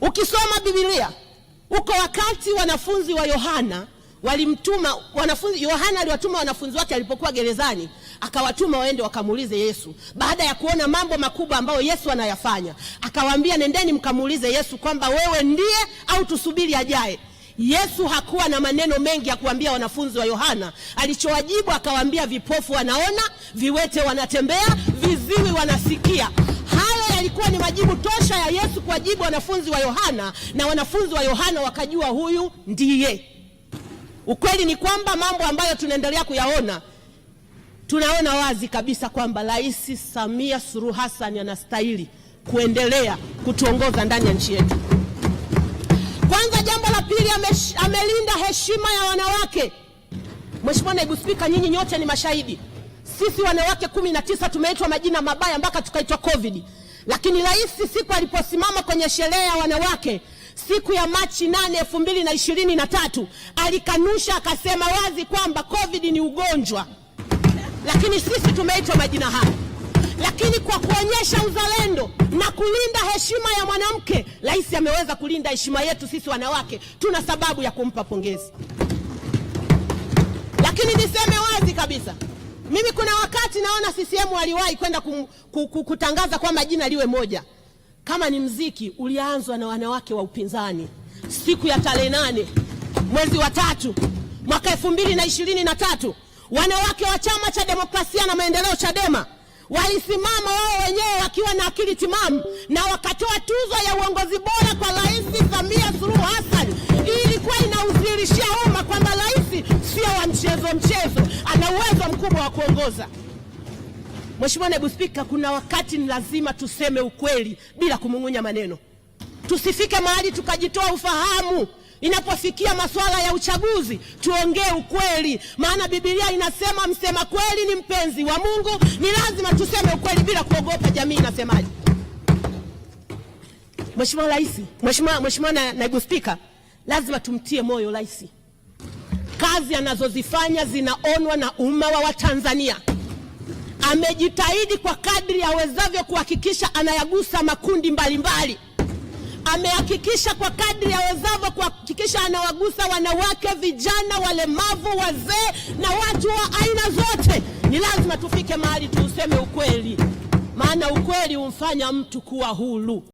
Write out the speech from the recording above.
Ukisoma Biblia uko wakati wanafunzi wa Yohana walimtuma wanafunzi, Yohana aliwatuma wanafunzi wake alipokuwa gerezani, akawatuma waende wakamuulize Yesu. Baada ya kuona mambo makubwa ambayo Yesu anayafanya, akawaambia nendeni mkamuulize Yesu kwamba wewe ndiye au tusubiri ajaye. Yesu hakuwa na maneno mengi ya kuambia wanafunzi wa Yohana. Alichowajibu akawaambia, vipofu wanaona, viwete wanatembea, viziwi wanasikia yalikuwa ni majibu tosha ya Yesu kuwajibu wanafunzi wa Yohana, na wanafunzi wa Yohana wakajua huyu ndiye. Ukweli ni kwamba mambo ambayo tunaendelea kuyaona, tunaona wazi kabisa kwamba Rais Samia Suluhu Hassan anastahili kuendelea kutuongoza ndani ya nchi yetu. Kwanza, jambo la pili, amelinda heshima ya wanawake. Mheshimiwa Naibu Spika, nyinyi nyote ni mashahidi, sisi wanawake kumi na tisa tumeitwa majina mabaya mpaka tukaitwa COVID. Lakini rais siku aliposimama kwenye sherehe ya wanawake siku ya Machi nane elfu mbili na ishirini na tatu alikanusha akasema wazi kwamba COVID ni ugonjwa, lakini sisi tumeitwa majina hayo. Lakini kwa kuonyesha uzalendo na kulinda heshima ya mwanamke, rais ameweza kulinda heshima yetu sisi wanawake, tuna sababu ya kumpa pongezi. Lakini niseme wazi kabisa mimi kuna wakati naona CCM waliwahi kwenda kutangaza kwamba jina liwe moja. Kama ni mziki ulianzwa na wanawake wa upinzani siku ya tarehe nane mwezi wa tatu mwaka elfu mbili na ishirini na tatu wanawake wa Chama cha Demokrasia na Maendeleo CHADEMA walisimama wao wenyewe wakiwa na akili timamu na wakatoa tuzo ya uongozi bora kwa Rais Samia Suluhu Hassan. ilikuwa inaudhihirishia umma kwamba rais sio wa mchezo mchezo, ana kuongoza. Mheshimiwa Naibu Spika, kuna wakati ni lazima tuseme ukweli bila kumung'unya maneno. Tusifike mahali tukajitoa ufahamu. Inapofikia masuala ya uchaguzi, tuongee ukweli, maana Biblia inasema msema kweli ni mpenzi wa Mungu. Ni lazima tuseme ukweli bila kuogopa jamii inasemaje. Mheshimiwa Rais, Mheshimiwa Naibu Spika, lazima tumtie moyo rais kazi anazozifanya zinaonwa na umma wa Watanzania. Amejitahidi kwa kadri awezavyo kuhakikisha anayagusa makundi mbalimbali. Amehakikisha kwa kadri awezavyo kuhakikisha anawagusa wanawake, vijana, walemavu, wazee na watu wa aina zote. Ni lazima tufike mahali tuuseme ukweli, maana ukweli humfanya mtu kuwa huru.